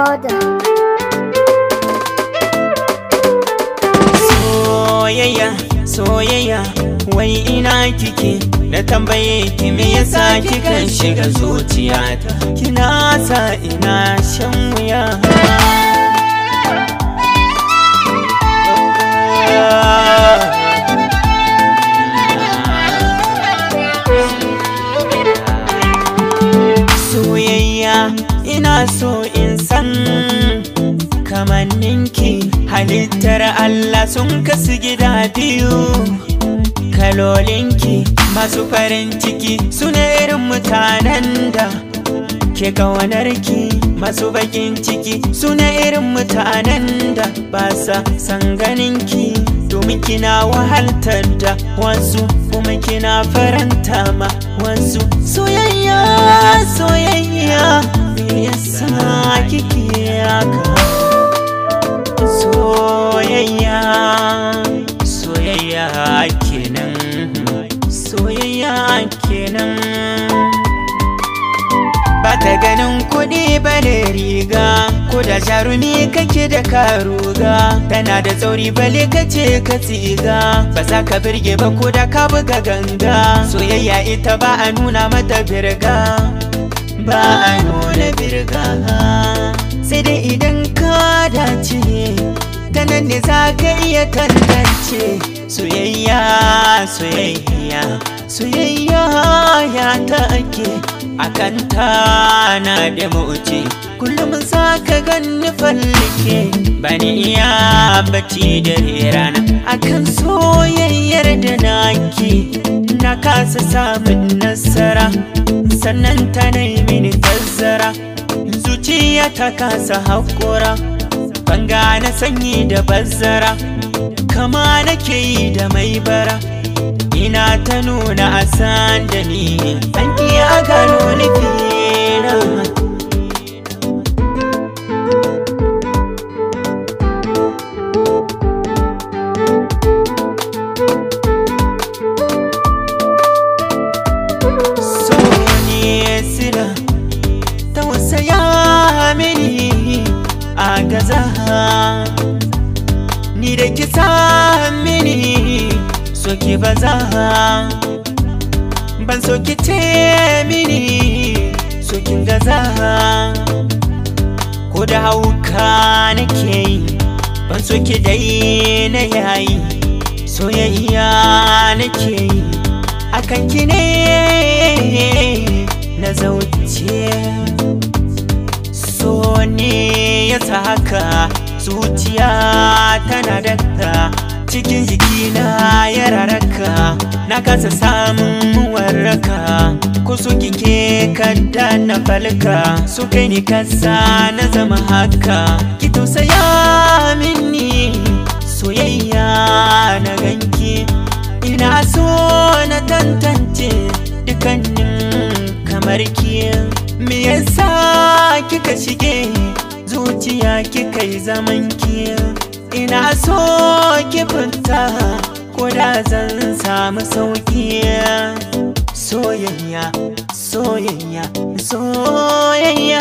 recorder. Soyayya, soyayya, wai ina kike na tambaye ki me yasa kikan shiga zuciyata kina sa ina shan wuya. ina so in san kamanninki halittar Allah sun kasu gida biyu kalolinki masu farin ciki su irin mutanen da ke ki masu bakin ciki su irin mutanen da ba sa san ganinki domin kina wahaltar da wasu kuma kina faranta ma wasu soyayya so bata ganin kuɗi ba ne riga ko da jarumi kake da karuga tana da tsauri bale kace ka tsiga ba za ka birge ba ko da ka buga ganga soyayya ita ba a nuna mata birga ne za ka iya tantance soyayya soyayya soyayya ya ta ake akan ta na da mace kullum za ka ganni fallike bani iya bacci da rana akan soyayyar da naki na kasa samun nasara sannan ta mini tazzara zuciya ta kasa haƙura banga na sanyi da bazzara kama nake yi da mai bara ina ta nuna a san da ni an iya gano nufina tausaya mini a gaza ni da kisa mini so baza ban so mini so gaza ko da hauka nake yi ban so ki dai na yayi soyayya na yi akan ki ne na zauce zuciya tana dakta cikin jikina ya raraka na kasa samun warraka kusu kike kadda na falka su kai ni kasa na zama haka ki tausaya minni soyayya na ganki ina so na tantance dukannin kamar ki me yasa kika shige zuciya kika yi zaman ki ina so ki fita ko da zan samu sauki soyayya soyayya soyayya